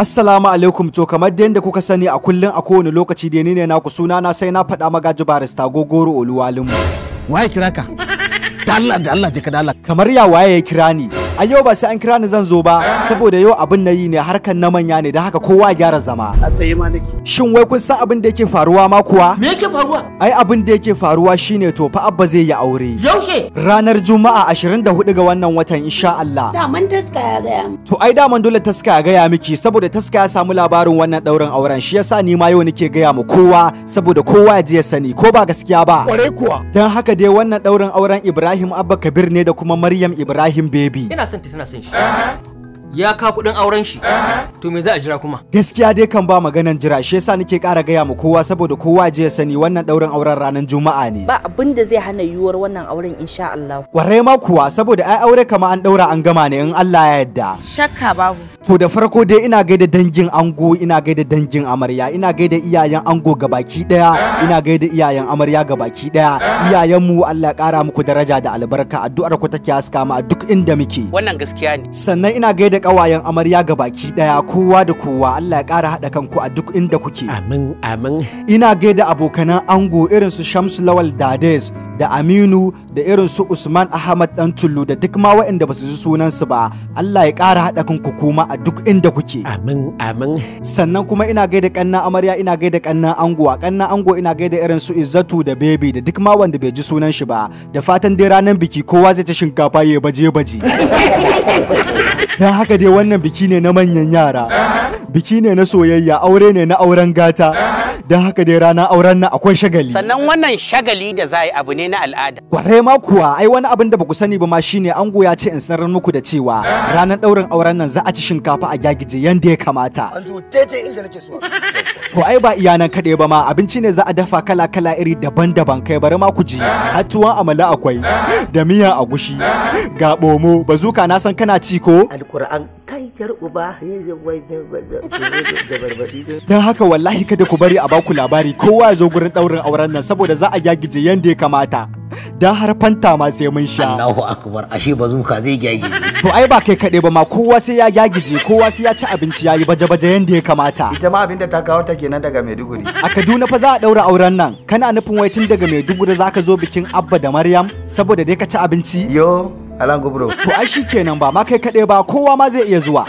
Assalamu alaikum to kamar da yadda kuka sani a kullun a kowane lokaci da ni ne naku suna na sai na faɗa magaji barista gogoro oluwalin mu. Waye kira ka? Da Allah da Allah je ka da Allah. Kamar ya waye ya kira ni? a yau ba sai an kira ni zan zo ba saboda yau abin na yi ne harkan na manya ne da haka kowa gyara zama a tsaye ma nake shin wai kun san abin da yake faruwa ma kuwa me yake faruwa ai abin da yake faruwa shine to fa abba zai yi aure yaushe ranar juma'a 24 ga wannan watan insha Allah daman taska ya ya to ai daman dole taska ya gaya miki saboda taska ya samu labarin wannan daurin auren shi yasa ni ma yau nake gaya mu kowa saboda kowa ya je ya sani ko ba gaskiya ba kwarai kuwa dan haka dai wannan daurin auren Ibrahim Abba Kabir ne da kuma Maryam Ibrahim Baby ina sente cenas assim. Uhum. ya ka kuɗin auren shi to me za a jira kuma gaskiya dai kan ba maganan jira shi yasa nake ƙara gaya mu kowa saboda kowa je ya sani wannan ɗaurin auren ranar juma'a ne ba abin da zai hana yiwuwar wannan auren insha Allah ware ma kuwa saboda ai aure kama an ɗaura an gama ne in Allah ya yarda shakka babu to da farko dai ina gaida dangin ango ina gaida dangin amarya ina gaida iyayen ango gabaki daya ina gaida iyayen amarya gabaki daya iyayen mu Allah ƙara muku daraja da albarka addu'ar ku take haska mu a duk inda muke wannan gaskiya ne sannan ina gaida ƙawayen amarya ga baki ɗaya kowa da kowa Allah ya ƙara haɗa kanku a duk inda kuke. Amin amin. Ina gaida abokanan ango irin su Shamsu Lawal Dades, da Aminu da irin su Usman Ahmad dan Tullu da duk ma waɗanda ba su ji sunansu ba Allah ya ƙara haɗa ku kuma a duk inda kuke amin amin sannan kuma ina gaida kanna amarya ina gaida kanna ango a kanna ango ina gaida irin su Izzatu da Baby da duk ma wanda bai ji sunan shi ba da fatan dai ranar biki kowa zai ta shinkafa ya baje baje dan haka dai wannan biki ne na manyan yara biki ne na soyayya aure ne na auren gata don haka dai rana auren nan akwai shagali sannan wannan shagali da za yi abu ne na al'ada kwarai ma kuwa ai wani abin da baku sani ba ma shine an goya ce in sanar muku da cewa ranar daurin auren nan za a ci shinkafa a gyagije yanda ya kamata an zo daidai inda nake so to ai ba iya nan kaɗai ba ma abinci ne za a dafa kala kala iri daban-daban kai bari ma ku ji har amala akwai da miya agushi ga bomo bazuka na san kana ci ko alquran uba da Don haka wallahi kada ku bari a baku labari kowa ya zo gurin daurin auren nan saboda za a gyagije yadda ya kamata. Don har fanta ma sai mun sha. Allahu akbar ashe bazuka zai gyagije. To ai ba kai kade ba ma kowa sai ya gyagije kowa sai ya ci abinci yayi baje-baje yadda ya kamata. Ita ma abinda ta kawo ta kenan daga Maiduguri. A Kaduna fa za a ɗaura auren nan kana nufin wai tun daga Maiduguri za ka zo bikin Abba da Maryam saboda dai ka ci abinci. Yo Alan Gubro. To ai shikenan ba ma kai kaɗai ba kowa ma zai iya zuwa.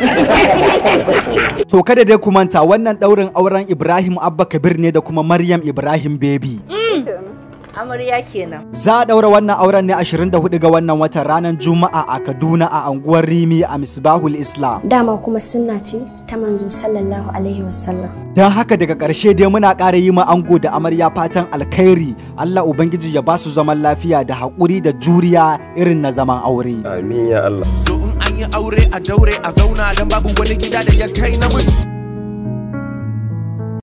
To kada dai ku manta wannan ɗaurin auren Ibrahim Abba Kabir ne da kuma Maryam Ibrahim Baby. amarya kenan za a daura wannan auren ne 24 ga wannan watan ranar juma'a a kaduna a anguwar rimi a misbahul islam dama kuma sunna ce ta manzo sallallahu alaihi wasallam don haka daga karshe dai muna ƙara yi ma ango da amarya fatan alkhairi allah ubangiji ya ba su zaman lafiya da haƙuri da juriya irin na zaman aure amin ya allah so in an yi aure a daure a zauna don babu wani gida da ya kai namiji